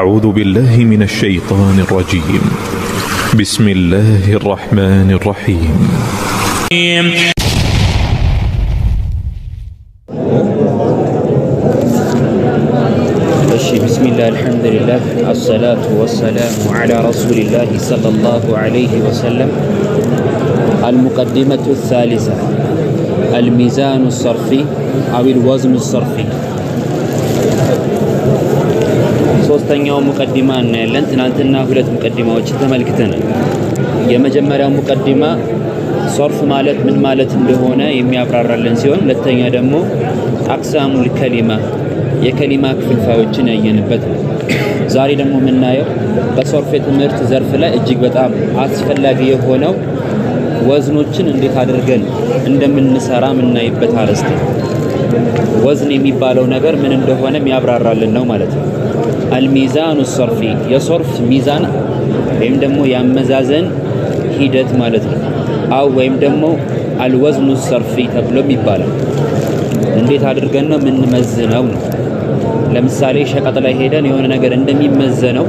أعوذ بالله من الشيطان الرجيم بسم الله الرحمن الرحيم بسم الله الحمد لله الصلاة والسلام على رسول الله صلى الله عليه وسلم المقدمة الثالثة الميزان الصرفي أو الوزن الصرفي ሶስተኛው ሙቀዲማ እናያለን። ትናንትና ሁለት ሙቀዲማዎችን ተመልክተናል። የመጀመሪያው ሙቀዲማ ሶርፍ ማለት ምን ማለት እንደሆነ የሚያብራራልን ሲሆን ሁለተኛ ደግሞ አክሳሙል ከሊማ የከሊማ ክፍልፋዮችን ያየንበት ነው። ዛሬ ደግሞ የምናየው በሶርፍ የትምህርት ዘርፍ ላይ እጅግ በጣም አስፈላጊ የሆነው ወዝኖችን እንዴት አድርገን እንደምንሰራ የምናይበት አርዕስት ወዝን የሚባለው ነገር ምን እንደሆነ የሚያብራራልን ነው ማለት ነው። አልሚዛኑ ሶርፊ የሶርፍ ሚዛን ወይም ደግሞ የአመዛዘን ሂደት ማለት ነው። አው ወይም ደግሞ አልወዝኑ ሰርፊ ተብሎም ይባላል። እንዴት አድርገን ነው የምንመዝነው ነው። ለምሳሌ ሸቀጥ ላይ ሄደን የሆነ ነገር እንደሚመዘነው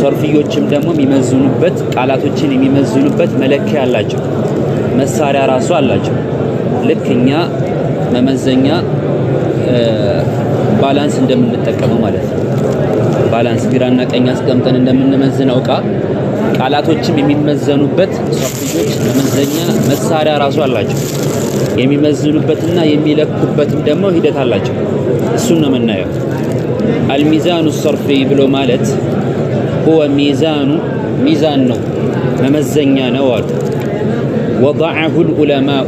ሰርፊዮችም ደግሞ የሚመዝኑበት ቃላቶችን የሚመዝኑበት መለኪያ አላቸው፣ መሳሪያ ራሱ አላቸው። ልክ እኛ መመዘኛ ባላንስ እንደምንጠቀመው ማለት ነው። ባላንስ ግራና ቀኝ አስቀምጠን እንደምንመዝነው እቃ ቃላቶችም የሚመዘኑበት ሶፍትዌሮች መመዘኛ መሳሪያ ራሱ አላቸው። የሚመዝኑበትና የሚለኩበትም ደግሞ ሂደት አላቸው። እሱን ነው የምናየው። አልሚዛኑ ሰርፊ ብሎ ማለት ሁወ ሚዛኑ ሚዛን ነው መመዘኛ ነው አሉ። ወዳዐሁ ልዑለማኡ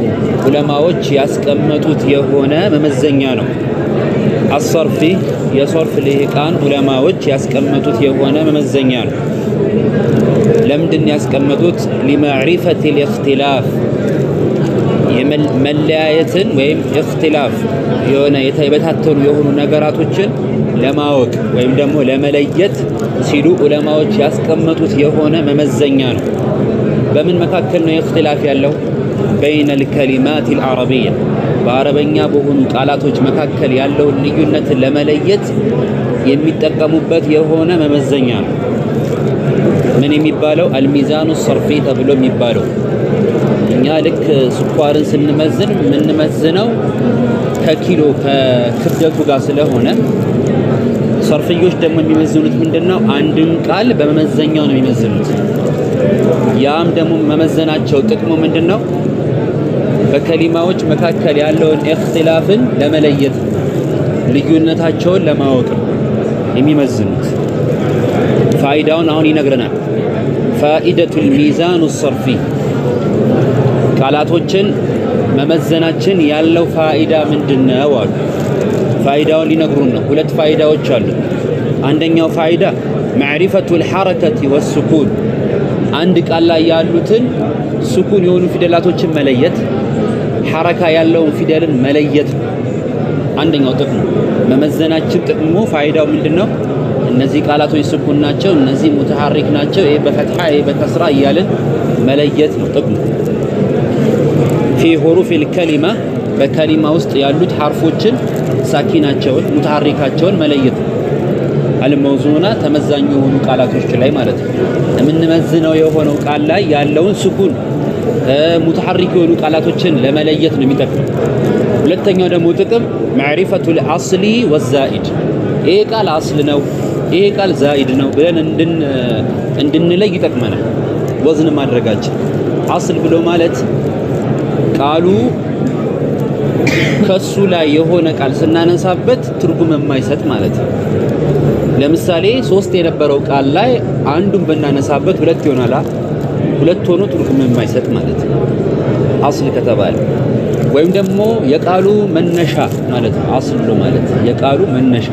ዑለማዎች ያስቀመጡት የሆነ መመዘኛ ነው። አሰርፊ የሰርፍ ልሂቃን ዑለማዎች ያስቀመጡት የሆነ መመዘኛ ነው። ለምንድን ያስቀመጡት? ሊማዕሪፈት ልእክትላፍ መለያየትን ወይም እክትላፍ የሆነ የተበታተኑ የሆኑ ነገራቶችን ለማወቅ ወይም ደግሞ ለመለየት ሲሉ ዑለማዎች ያስቀመጡት የሆነ መመዘኛ ነው። በምን መካከል ነው እክትላፍ ያለው? በይነል ከሊማቲል አረቢያ በአረበኛ በሆኑ ቃላቶች መካከል ያለውን ልዩነት ለመለየት የሚጠቀሙበት የሆነ መመዘኛ ነው። ምን የሚባለው አልሚዛኑ ሰርፊ ተብሎ የሚባለው እኛ ልክ ስኳርን ስንመዝን የምንመዝነው ከኪሎ ከክብደቱ ጋር ስለሆነ ሰርፍዮች ደግሞ የሚመዝኑት ምንድነው? አንድን ቃል በመመዘኛው ነው የሚመዝኑት። ያም ደግሞ መመዘናቸው ጥቅሙ ነው? በከሊማዎች መካከል ያለውን እክትላፍን ለመለየት ልዩነታቸውን ለማወቅ የሚመዝኑት ፋይዳውን አሁን ይነግረናል። ፋኢደቱል ሚዛኑ ሰርፊ ቃላቶችን መመዘናችን ያለው ፋይዳ ምንድነው? አሉ። ፋይዳውን ሊነግሩን ነው። ሁለት ፋይዳዎች አሉ። አንደኛው ፋይዳ ማዕሪፈቱል ሐረከቲ ወሱኩን አንድ ቃል ላይ ያሉትን ሱኩን የሆኑ ፊደላቶችን መለየት ሐረካ ያለውን ፊደልን መለየት ነው አንደኛው ጥቅሙ። መመዘናችን ጥቅሙ ፋይዳው ምንድን ነው? እነዚህ ቃላቶች ስኩን ናቸው፣ እነዚህ ሙተሐሪክ ናቸው፣ ይሄ በፈትሐ ይሄ በከስራ እያልን መለየት ነው ጥቅሙ። ፊ ሁሩፊል ከሊማ በከሊማ ውስጥ ያሉት ሐርፎችን ሳኪናቸውን ሙተሐሪካቸውን መለየት ነው። አልመውዙና ተመዛኝ የሆኑ ቃላቶች ላይ ማለት ነው። የምንመዝነው የሆነው ቃል ላይ ያለውን ስኩን ሙተሐሪክ የሆኑ ቃላቶችን ለመለየት ነው የሚጠቅም። ሁለተኛው ደግሞ ጥቅም ማዕሪፈቱል አስሊ ወዛኢድ፣ ይሄ ቃል አስል ነው፣ ይሄ ቃል ዛኢድ ነው ብለን እንድንለይ ይጠቅመናል። ወዝን ማድረጋችን አስል ብሎ ማለት ቃሉ ከሱ ላይ የሆነ ቃል ስናነሳበት ትርጉም የማይሰጥ ማለት ነው። ለምሳሌ ሶስት የነበረው ቃል ላይ አንዱን ብናነሳበት ሁለት ይሆናል። ሁለት ሆኖ ትርጉም የማይሰጥ ማለት ነው። አስል ከተባለ ወይም ደግሞ የቃሉ መነሻ ማለት ነው። አስሉ ማለት የቃሉ መነሻ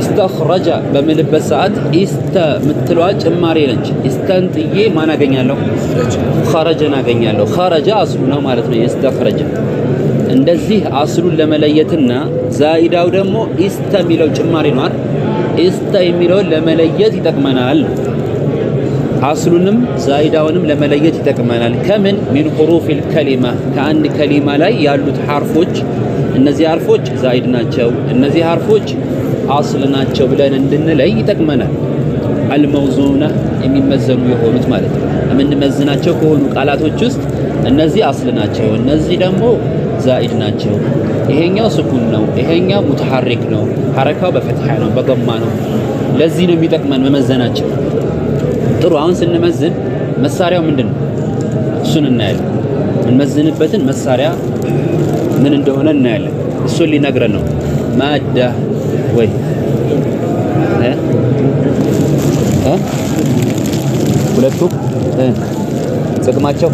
ኢስተኽረጃ በምልበት ሰዓት ኢስተ ምትለዋ ጭማሬ ነች። ኢስተን ጥዬ ማን አገኛለሁ? ኸረጀን አገኛለሁ። ኸረጃ አስሉ ነው ማለት ነው። የኢስተኽረጃ እንደዚህ አስሉን ለመለየትና ዛኢዳው ደግሞ ኢስተ የሚለው ጭማሪ ነው። ኢስተ የሚለውን ለመለየት ይጠቅመናል። አስሉንም ዛይዳውንም ለመለየት ይጠቅመናል። ከምን ሚን ሁሩፊል ከሊማ ከአንድ ከሊማ ላይ ያሉት ሐርፎች እነዚህ ሐርፎች ዛይድ ናቸው፣ እነዚህ ሐርፎች አስል ናቸው ብለን እንድንለይ ይጠቅመናል። አልመውዙና የሚመዘኑ የሆኑት ማለት ነው። የምንመዝናቸው ከሆኑ ቃላቶች ውስጥ እነዚህ አስል ናቸው፣ እነዚህ ደግሞ ዛኢድ ናቸው። ይሄኛው ስኩን ነው፣ ይሄኛው ሙተሐሪክ ነው፣ ሐረካው በፈትሐ ነው፣ በገማ ነው። ለዚህ ነው የሚጠቅመን መመዘናቸው ጥሩ አሁን ስንመዝን መሳሪያው ምንድን ነው? እሱን እናያለን። እንመዝንበትን መሳሪያ ምን እንደሆነ እናያለን። እሱን ሊነግረን ነው። ማዳ ወይ ሁለቱም ጥቅማቸው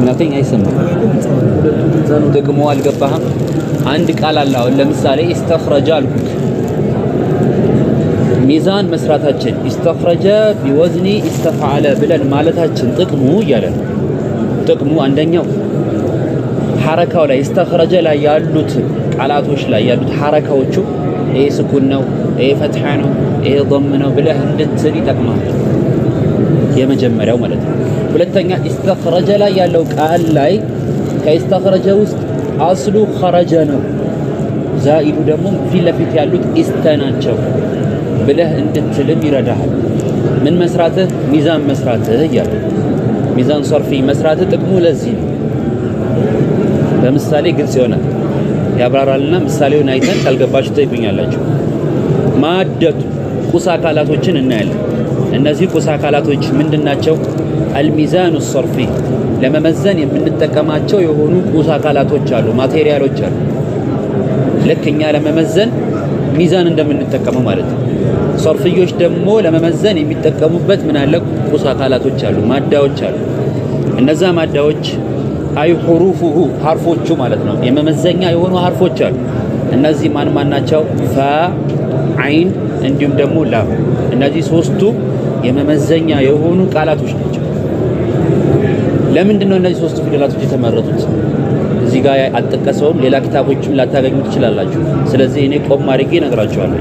ምናተኝ አይሰማም። ደግሞ አልገባህም። አንድ ቃል አለ። አሁን ለምሳሌ ኢስተኽረጃ አልኩት ሚዛን መስራታችን ኢስተኽረጀ ቢወዝኒ ኢስተፍዓለ ብለን ማለታችን ጥቅሙ እያለ ነው። ጥቅሙ አንደኛው ሐረካው ላይ ኢስተኽረጀ ላይ ያሉት ቃላቶች ላይ ያሉት ሐረካዎቹ ይሄ ስኩን ነው፣ ይሄ ፈትሐ ነው፣ ይሄ ዶም ነው ብለህ እንድትል ይጠቅማል። የመጀመሪያው ማለት ነው። ሁለተኛ ኢስተኽረጀ ላይ ያለው ቃል ላይ ከኢስተኽረጀ ውስጥ አስሉ ኸረጀ ነው። ዛኢዱ ደግሞ ፊት ለፊት ያሉት ኢስተ ናቸው። ብለህ እንድትልም ይረዳሃል። ምን መስራትህ? ሚዛን መስራትህ እያለ ሚዛን ሶርፊ መስራትህ ጥቅሙ ለዚህ ነው። በምሳሌ ግልጽ ይሆናል ያብራራልና ምሳሌውን አይተን ካልገባችሁ ትጠይቁኛላችሁ። ማዕደቱ ቁስ አካላቶችን እናያለን። እነዚህ ቁስ አካላቶች ምንድናቸው? አልሚዛኑ ሶርፊ ለመመዘን የምንጠቀማቸው የሆኑ ቁስ አካላቶች አሉ፣ ማቴሪያሎች አሉ። ልክ እኛ ለመመዘን ሚዛን እንደምንጠቀመው ማለት ነው። ሰርፍዮች ደግሞ ለመመዘን የሚጠቀሙበት ምን አለ ቁስ አካላቶች አሉ፣ ማዳዎች አሉ። እነዛ ማዳዎች አይ ሁሩፉሁ ሀርፎቹ ማለት ነው፣ የመመዘኛ የሆኑ ሀርፎች አሉ። እነዚህ ማን ማን ናቸው? ፋ፣ አይን እንዲሁም ደግሞ ላም። እነዚህ ሶስቱ የመመዘኛ የሆኑ ቃላቶች ናቸው። ለምንድን ነው እነዚህ ሶስቱ ፊደላቶች የተመረጡት? እዚህ ጋር አልጠቀሰውም። ሌላ ኪታቦችም ላታገኙ ትችላላችሁ። ስለዚህ እኔ ቆም አድርጌ እነግራችኋለሁ።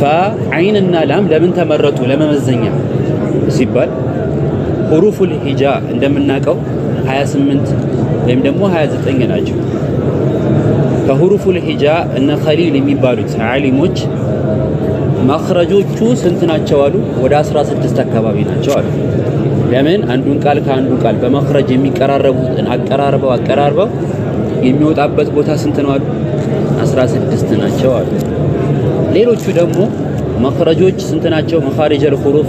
ፈዐይን እና ላም ለምን ተመረጡ ለመመዘኛ ሲባል ሁሩፉል ሂጃ እንደምናውቀው 28 ወይም ደግሞ 29 ናቸው። ከሁሩፉል ሂጃ እነ ኸሊል የሚባሉት ዓሊሞች መኽረጆቹ ስንት ናቸው አሉ? ወደ 16 አካባቢ ናቸው አሉ። ለምን አንዱን ቃል ከአንዱ ቃል በመኽረጅ የሚቀራረቡትን አቀራርበው አቀራርበው የሚወጣበት ቦታ ስንት ነው አሉ? 16 ናቸው አሉ። ሌሎቹ ደግሞ መኽረጆች ስንት ናቸው? መኻሪጀል ሁሩፍ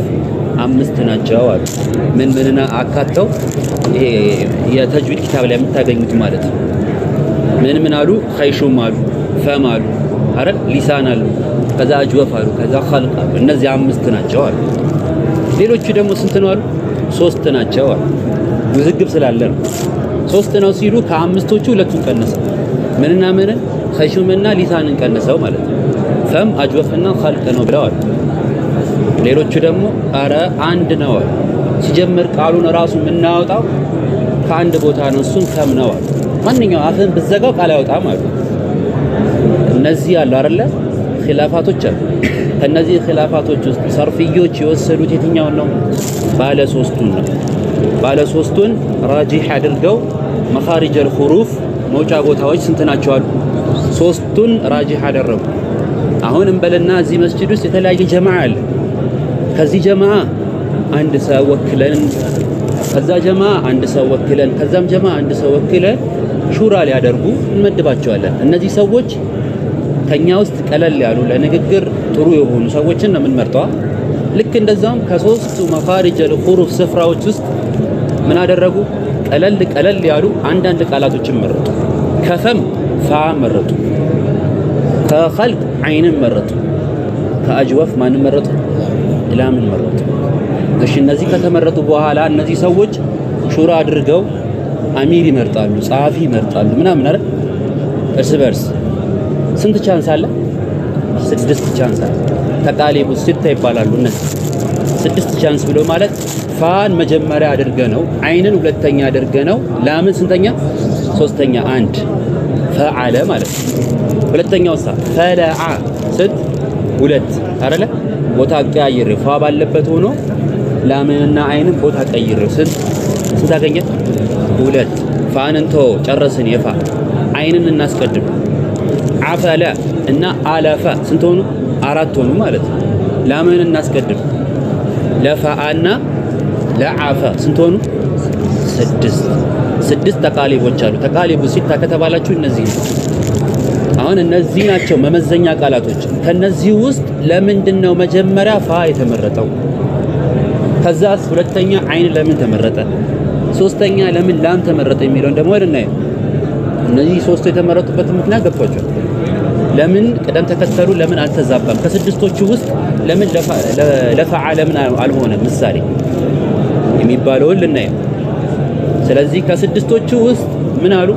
አምስት ናቸው አሉ። ምን ምን አካተው ይሄ የተጅዊድ ኪታብ ላይ የምታገኙት ማለት ነው። ምን ምን አሉ? ኸይሹም አሉ፣ ፈም አሉ፣ አረ ሊሳን አሉ፣ ከዛ አጅወፍ አሉ፣ ከዛ ኸልቅ አሉ። እነዚህ አምስት ናቸው አሉ። ሌሎቹ ደግሞ ስንት ነው አሉ? ሶስት ናቸው አሉ። ውዝግብ ስላለ ነው። ሶስት ነው ሲሉ ከአምስቶቹ ሁለቱን ቀነሰው። ምንና ምንን ኸይሹምና ሊሳንን ቀነሰው ማለት ነው። ከም አጅወፍና ኸልቅ ነው ብለዋል። ሌሎቹ ደግሞ አረ አንድ ነዋል። ሲጀምር ቃሉን ራሱ የምናወጣው ከአንድ ቦታ ነው፣ እሱን ከም ነዋል። ማንኛው አፍህን ብዘጋው ቃል ያወጣም አሉ። እነዚህ ያሉ አይደለ ኺላፋቶች አሉ። ከነዚህ ኺላፋቶች ውስጥ ሰርፍዮች የወሰዱት የትኛውን ነው? ባለ ሶስቱን ነው። ባለ ሶስቱን ራጂህ አድርገው መኻሪጀል ሁሩፍ መውጫ ቦታዎች ስንት ናቸው አሉ። ሶስቱን ራጂህ አደረጉ። አሁንም በለና እዚህ መስጂድ ውስጥ የተለያየ ጀማዓ አለ። ከዚህ ጀማዓ አንድ ሰው ወክለን፣ ከዛ ጀማዓ አንድ ሰው ወክለን፣ ከዛም ጀማዓ አንድ ሰው ወክለን ሹራ ሊያደርጉ እንመድባቸዋለን። እነዚህ ሰዎች ከኛ ውስጥ ቀለል ያሉ ለንግግር ጥሩ የሆኑ ሰዎችን ነው የምንመርጠው። ልክ እንደዛም ከሶስቱ መኻሪጀ ልሁሩፍ ስፍራዎች ውስጥ ምን አደረጉ? ቀለል ቀለል ያሉ አንዳንድ ቃላቶችን መረጡ። ከፈም ፋ መረጡ። ከኸልቅ ዓይንን መረጡ። ከአጅወፍ ማንን መረጡ? ላምን መረጡ። እሺ እነዚህ ከተመረጡ በኋላ እነዚህ ሰዎች ሹራ አድርገው አሚር ይመርጣሉ፣ ጸሐፊ ይመርጣሉ ምናምን አይደል? እርስ በርስ ስንት ቻንስ አለ? ስድስት ቻንስ አለ። ተቃሊቡ ሲታ ይባላሉ እነዚህ ስድስት ቻንስ ብሎ ማለት ፋን መጀመሪያ አድርገ ነው፣ አይንን ሁለተኛ አድርገ ነው፣ ላምን ስንተኛ? ሶስተኛ አንድ ፈዓለ ማለት ነው። ሁለተኛው ሳ ፈለዓ ስት ሁለት አይደለ? ቦታ ቀያይሬ ፋ ባለበት ሆኖ ላምንና አይንን ቦታ ቀይሬ ስንት ስንት አገኘ? ሁለት። ፋን እንቶ ጨረስን። የፋ አይንን እናስቀድም። አፈለ እና አለፈ ስንት ሆኑ? አራት ሆኑ ማለት ነው። ላምን እናስቀድም። ለፋአና ለአፈ ስንት ሆኑ? ስድስት ስድስት ተቃሊቦች አሉ። ተቃሊቡ ሲታ ከተባላችሁ እነዚህ አሁን እነዚህ ናቸው መመዘኛ ቃላቶች። ከነዚህ ውስጥ ለምንድን ነው መጀመሪያ ፋ የተመረጠው? ከዛስ ሁለተኛ አይን ለምን ተመረጠ? ሶስተኛ ለምን ላም ተመረጠ? የሚለውን ደግሞ እና እነዚህ ሶስቱ የተመረጡበት ምክንያት ገብቷቸዋል። ለምን ቅደም ተከተሉ ለምን አልተዛባም? ከስድስቶቹ ውስጥ ለምን ለፈዓ ለምን አልሆነ? ምሳሌ የሚባለውን ልናየው ስለዚህ ከስድስቶቹ ውስጥ ምን አሉ?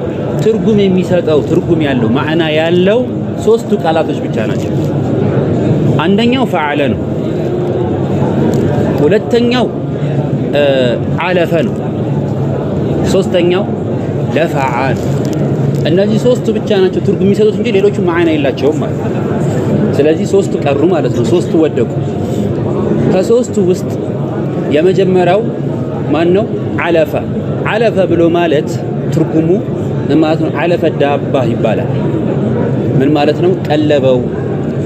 ትርጉም የሚሰጠው ትርጉም ያለው ማዕና ያለው ሶስቱ ቃላቶች ብቻ ናቸው። አንደኛው ፈዓለ ነው። ሁለተኛው አለፈ ነው። ሶስተኛው ለፈዓ ነው። እነዚህ ሶስቱ ብቻ ናቸው ትርጉም የሚሰጡት እንጂ ሌሎቹ ማዕና የላቸውም ማለት ነው። ስለዚህ ሶስቱ ቀሩ ማለት ነው። ሶስቱ ወደቁ። ከሶስቱ ውስጥ የመጀመሪያው ማን ነው? አለፈ አለፈ ብሎ ማለት ትርጉሙ ማለት ነው? አለፈ ዳባ ይባላል። ምን ማለት ነው? ቀለበው፣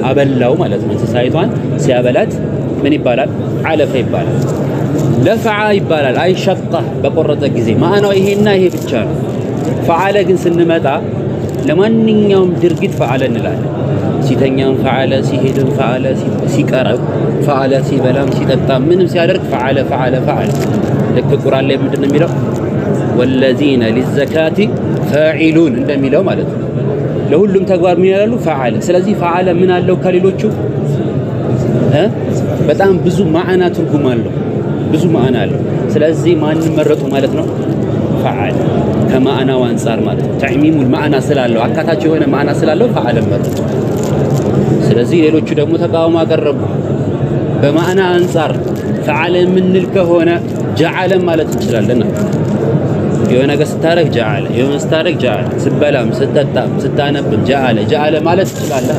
አበላው ማለት ነው። እንስሳይቷን ሲያበላት ምን ይባላል? አለፈ ይባላል። ለፈዓ ይባላል። አይሸቃ በቆረጠ ጊዜ ማዕናው ይሄና ይሄ ብቻ ነው። ፈዓለ ግን ስንመጣ ለማንኛውም ድርጊት ፈዓለ እንላለን። ሲተኛም ፈዓለ፣ ሲሄድም ፈዓለ፣ ሲቀረብ ፈዓለ ሲበላም ሲጠጣ ምንም ሲያደርግ ፈዓለ ፈዓለ ፈዓለ። ልክ ቁርአን ላይ ምንድን ነው የሚለው ወለዚነ ሊዘካቲ ፈዒሉን እንደሚለው ማለት ነው። ለሁሉም ተግባር ምን ያላሉ ፈዓለ። ስለዚህ ፈዓለ ምን አለው ከሌሎቹ በጣም ብዙ ማዕና ትርጉም አለው፣ ብዙ ማዕና አለው። ስለዚህ ማን መረጡ ማለት ነው ፈዓለ ከማዕናው አንፃር ማለት ነው። ተዕሚሙል ማዕና ስላለው አካታቸው የሆነ ማዕና ስላለው ፈዓለ መረጡ። ስለዚህ ሌሎቹ ደግሞ ተቃውሞ አቀረቡ። በማዕና አንጻር ፈዓለ የምንል ከሆነ ጀዓለ ማለት እንችላለን። የሆነ ነገር ስታረግ ጀዓለ፣ የሆነ ስታረግ ጀዓለ፣ ስበላም፣ ስጠጣም ስታነብም ጀዓለ ጀዓለ ማለት ትችላለህ።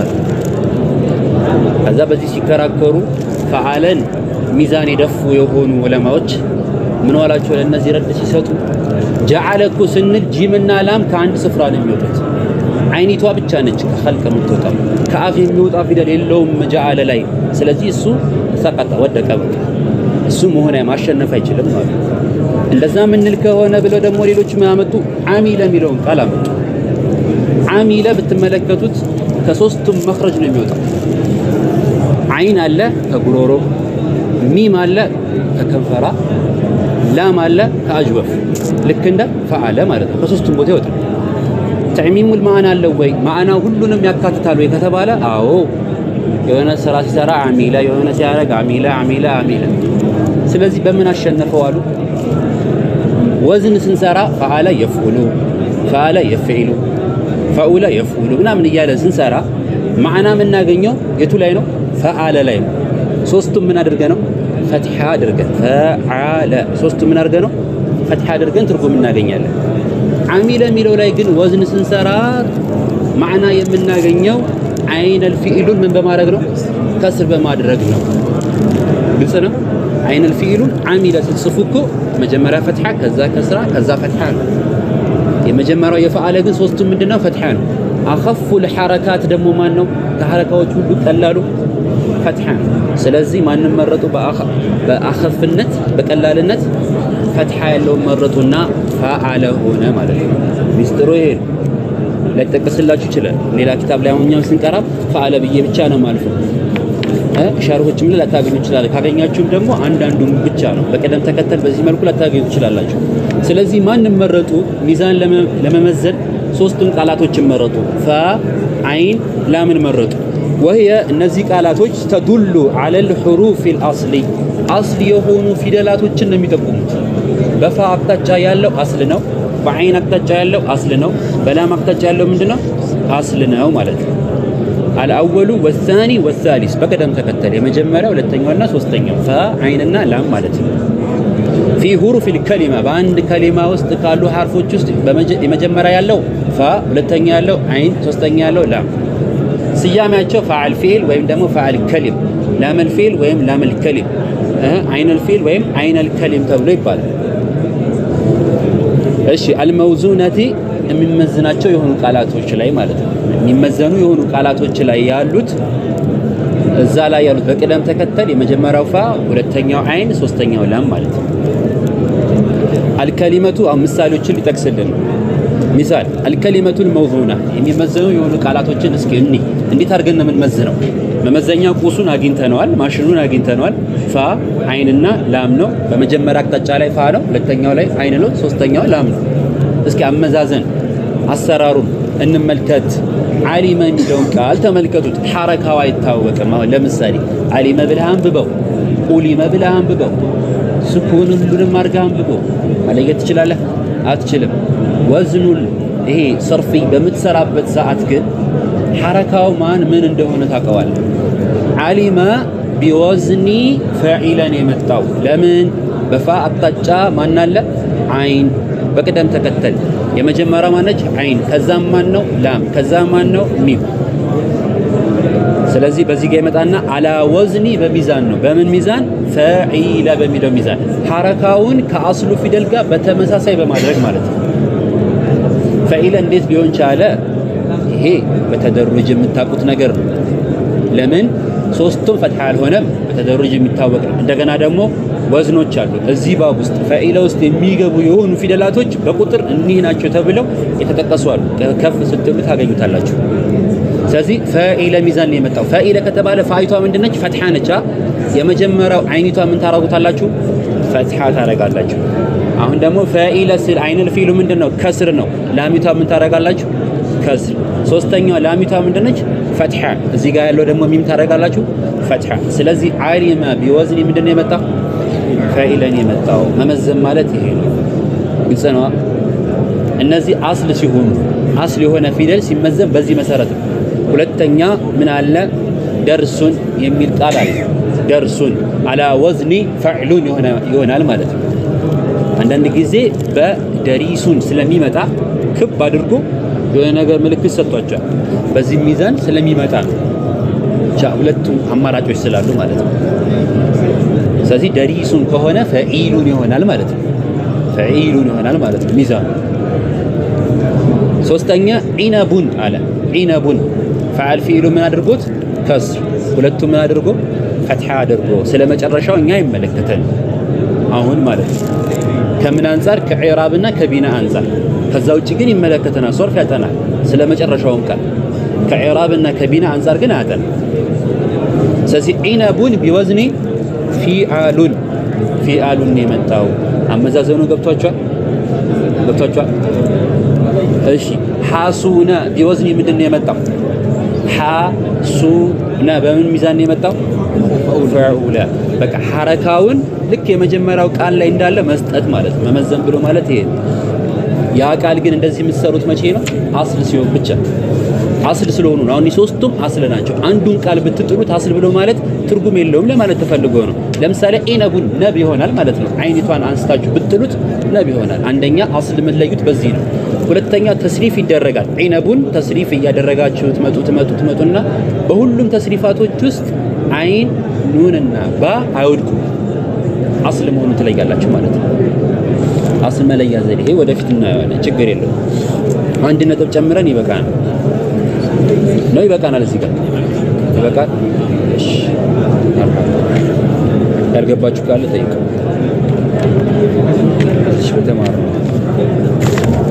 ከዛ በዚህ ሲከራከሩ ፈዓለን ሚዛን የደፉ የሆኑ ዑለማዎች ምን ዋላቸው ለእነዚህ ረድ ሲሰጡ ጀዓለ እኮ ስንል ጂምና ላም ከአንድ ስፍራ ነው የሚወጡት። አይኒቷ ብቻ ነች ከኸልቅ የምትወጣው ከአፍ የሚወጣ ፊደል የለውም ጀዓለ ላይ ስለዚህ እሱ ሰቀጠ ወደቀ። እሱ መሆን ማሸነፍ አይችልም ማለት ነው። እንደዛ ምንል ከሆነ ብለው ደግሞ ሌሎች ያመጡ አሚለ የሚለውን ቃል አመጡ። አሚለ ብትመለከቱት ከሶስቱም መክረጅ ነው የሚወጣው። አይን አለ ከጉሮሮ፣ ሚም አለ ከከንፈራ፣ ላም አለ ከአጅወፍ። ልክ እንደ ፈአለ ማለት ነው። ከሶስቱም ቦታ ይወጣል። ተዕሚሙል ማዕና አለው ወይ? ማዕና ሁሉንም ያካትታል ወይ ከተባለ አዎ የሆነ ስራ ሲሰራ አሚላ፣ የሆነ ሲያደርግ አሚላ አሚላ አሚላ። ስለዚህ በምን አሸነፈው አሉ? ወዝን ስንሰራ ፈዓለ የፍዑሉ ፈዓለ የፍዒሉ ፈዑለ የፍዑሉ ምናምን እያለ ስንሰራ ማዕና የምናገኘው የቱ ላይ ነው? ፈአለ ላይ ነው። ሶስቱም ምን አድርገ ነው? ፈትሐ አድርገን ፈአለ። ሶስቱም ምን አድርገ ነው? ፈትሐ አድርገን ትርጉም እናገኛለን። አሚለ የሚለው ላይ ግን ወዝን ስንሰራ ማዕና የምናገኘው አይነል ፊኢሉን ምን በማድረግ ነው? ከስር በማድረግ ነው። ግልጽ ነው። አይነል ፊኢሉን አሚለ ስትጽፉ እኮ መጀመሪያ ፈትሐ፣ ከዛ ከስራ፣ ከዛ ፈትሐ ነው። የመጀመሪያው የፈአለ ግን ሶስቱም ምንድነው? ፈትሐ ነው። አኸፉ ለሐረካት ደግሞ ማን ነው? ከሐረካዎች ሁሉ ቀላሉ ፈትሐ ነው። ስለዚህ ማንም መረጡ? በአኸፍነት በቀላልነት ፈትሐ ያለውን መረጡና ፈዓለ ሆነ ማለት ነው። ሚስጥሩ ይሄ ነው። ላይጠቀስላችሁ ይችላል። ሌላ ኪታብ ላይ አሁን ስንቀራ ፈአለ ብዬ ብቻ ነው ማልፈ ሸርሆችም ላይ ላታገኙ ይችላል። ካገኛችሁም ደግሞ አንዳንዱ ብቻ ነው በቅደም ተከተል በዚህ መልኩ ላታገኙ ትችላላችሁ። ስለዚህ ማን መረጡ ሚዛን ለመመዘን ሶስቱን ቃላቶችን መረጡ። ፈ አይን ላምን መረጡ። ወህየ እነዚህ ቃላቶች ተዱሉ አለል ሑሩፍ አስሊ አስሊ የሆኑ ፊደላቶችን ነው የሚጠቁሙት። በፋ አቅጣጫ ያለው አስል ነው። በአይን አቅጣጫ ያለው አስል ነው። በላም አቅጣጫ ያለው ምንድነው? አስል ነው ማለት ነው። አልአወሉ ወሳኒ ወሳሊስ በቅደም ተከተል የመጀመሪያ ሁለተኛውና ሶስተኛው ፈ አይንና ላም ማለት ነው። ፊ ሁሩፊል ከሊማ በአንድ ከሊማ ውስጥ ካሉ ሀርፎች ውስጥ የመጀመሪያ ያለው ፋ፣ ሁለተኛ ያለው አይን፣ ሶስተኛ ያለው ላም። ስያሜያቸው ፈዓል ፊል ወይም ደግሞ ፈዓል ከሊም፣ ላመል ፊል ወይም ላመል ከሊም፣ አይነል ፊል ወይም አይነል ከሊም ተብሎ ይባላል። እሺ አልመውዙነቲ የሚመዝናቸው የሆኑ ቃላቶች ላይ ማለት ነው። የሚመዘኑ የሆኑ ቃላቶች ላይ ያሉት እዛ ላይ ያሉት በቅደም ተከተል የመጀመሪያው ፋ፣ ሁለተኛው አይን፣ ሶስተኛው ላም ማለት ነው። አልከሊመቱ ምሳሌዎችን ሊጠቅስልን ሚሳል አልከሊመቱል መውዙና የሚመዘኑ የሆኑ ቃላቶችን እስኪ እንይ። እንዴት አድርገን ነው የምንመዝነው? መመዘኛ ቁሱን አግኝተነዋል፣ ማሽኑን አግኝተነዋል። ፋ አይንና ላም ነው። በመጀመሪያ አቅጣጫ ላይ ፋ ነው፣ ሁለተኛው ላይ አይን ነው፣ ሶስተኛው ላም ነው። እስኪ አመዛዘን አሰራሩን እንመልከት። አሊመ የሚለውን ቃል ተመልከቱት። ሐረካው አይታወቅም። አሁን ለምሳሌ አሊመ ብለህ አንብበው፣ ቁሊመ ብለህ አንብበው፣ ስኩን ሁሉንም አድርገህ አንብበው፣ መለየት ትችላለህ? አትችልም። ወዝኑል ይሄ ሰርፊ በምትሰራበት ሰዓት ግን ሐረካው ማን ምን እንደሆነ ታውቀዋለህ። ዓሊመ ቢወዝኒ ፈዒለን የመጣው ለምን በፋ አቅጣጫ ማናለ አይን በቅደም ተከተል የመጀመሪያ ማነች አይን፣ ከዛም ማን ነው ላም፣ ከዛ ማን ነው ሚም። ስለዚህ በዚህ ጋ ይመጣና አላ ወዝኒ በሚዛን ነው። በምን ሚዛን? ፈዒለ በሚለው ሚዛን ሐረካውን ከአስሉ ፊደል ጋር በተመሳሳይ በማድረግ ማለት ነው። ፈዒለ እንዴት ሊሆን ቻለ? ይሄ በተደሩጅ የምታውቁት ነገር ነው። ለምን ሶስቱም ፈትሐ አልሆነም፣ በተደረጅ የሚታወቅ ነው። እንደገና ደግሞ ወዝኖች አሉ። እዚህ ባብ ውስጥ ፈኢላ ውስጥ የሚገቡ የሆኑ ፊደላቶች በቁጥር እኒህ ናቸው ተብለው የተጠቀሱ አሉ። ከፍ ስትሉ ታገኙታላችሁ። ስለዚህ ፈኢለ ሚዛን ነው የመጣው። ፈኢለ ከተባለ ፋይቷ ምንድነች? ፈትሐ ነቻ። የመጀመሪያው አይኒቷ ምን ታረጉታላችሁ? ፈትሐ ታረጋላችሁ። አሁን ደግሞ ፈኢለ ስል አይነል ፊሉ ምንድነው? ከስር ነው። ላሚቷ ምን ታረጋላችሁ? ከስር። ሶስተኛው ላሚቷ ምንድነች? ፈትሐ እዚህ ጋር ያለው ደግሞ ሚም ታደርጋላችሁ ፈትሐ። ስለዚህ ዓሊመ ቢወዝኒ ምንድን ነው የመጣ ፈኢለን የመጣው መመዘን ማለት ይሄ ነው። ግልጽ ነው። እነዚህ አስል ሲሆኑ አስል የሆነ ፊደል ሲመዘን በዚህ መሰረት ነው። ሁለተኛ ምን አለ ደርሱን የሚል ቃል አለ። ደርሱን አላ ወዝኒ ፈዕሉን ይሆናል ማለት ነው። አንዳንድ ጊዜ በደሪሱን ስለሚመጣ ክብ አድርጎ የሆነ ነገር ምልክት ሰጥቷቸዋል። በዚህ ሚዛን ስለሚመጣ ነው። ሁለቱም አማራጮች ስላሉ ማለት ነው። ስለዚህ ደሪሱን ከሆነ ፈኢሉን ይሆናል ማለት ነው። ፈኢሉን ይሆናል ማለት ነው ሚዛኑ። ሶስተኛ ዒነቡን አለ። ዒነቡን ፈዓል ፊኢሉ ምን አድርጎት ከስር፣ ሁለቱም ምን አድርጎ ፈትሓ አድርጎ ስለ መጨረሻው እኛ ይመለከተን አሁን ማለት ነው። ከምን አንፃር ከኢዕራብና ከቢና አንፃር። ከዛ ውጭ ግን ይመለከተናል፣ ሶርፍ ያጠናል ስለ መጨረሻውም ቃል ከዕራብና ከቢና አንጻር ግን አያጠና። ስለዚህ ዒነቡን ቢወዝኒ ፊአሉን ፊአሉን የመጣው አመዛዘኑ ገብቷቸዋል ገብቷቸዋል። እሺ ሓሱነ ቢወዝኒ ምንድን ነው የመጣው? ሓሱነ በምን ሚዛን ነው የመጣው? ፈዑለ በቃ ሐረካውን ልክ የመጀመሪያው ቃል ላይ እንዳለ መስጠት ማለት ነው። መመዘን ብሎ ማለት ይሄ ያ ቃል ግን እንደዚህ የምትሰሩት መቼ ነው? አስል ሲሆን ብቻ አስል ስለሆኑ ነው። አሁን ሶስቱም አስል ናቸው። አንዱን ቃል ብትጥሉት አስል ብሎ ማለት ትርጉም የለውም ለማለት ተፈልጎ ነው። ለምሳሌ ኢነቡን ነብ ይሆናል ማለት ነው። አይኒቷን አንስታችሁ ብትሉት ነብ ይሆናል። አንደኛ አስል የምትለዩት በዚህ ነው። ሁለተኛ ተስሪፍ ይደረጋል። ኢነቡን ተስሪፍ እያደረጋችሁ ትመጡ ትመጡ ትመጡና በሁሉም ተስሪፋቶች ውስጥ አይን ኑንና ባ አይወድቁ አስል መሆኑ ትለያላችሁ ማለት ነው። አስል መለያ ዘዴ ወደፊት እናየዋለን። ችግር የለውም። አንድ ነጥብ ጨምረን ይበቃ ነው። ነው ይበቃናል። እዚህ ጋር ይበቃል። እሺ ያልገባችሁ ካለ ጠይቁ። እሺ በተማር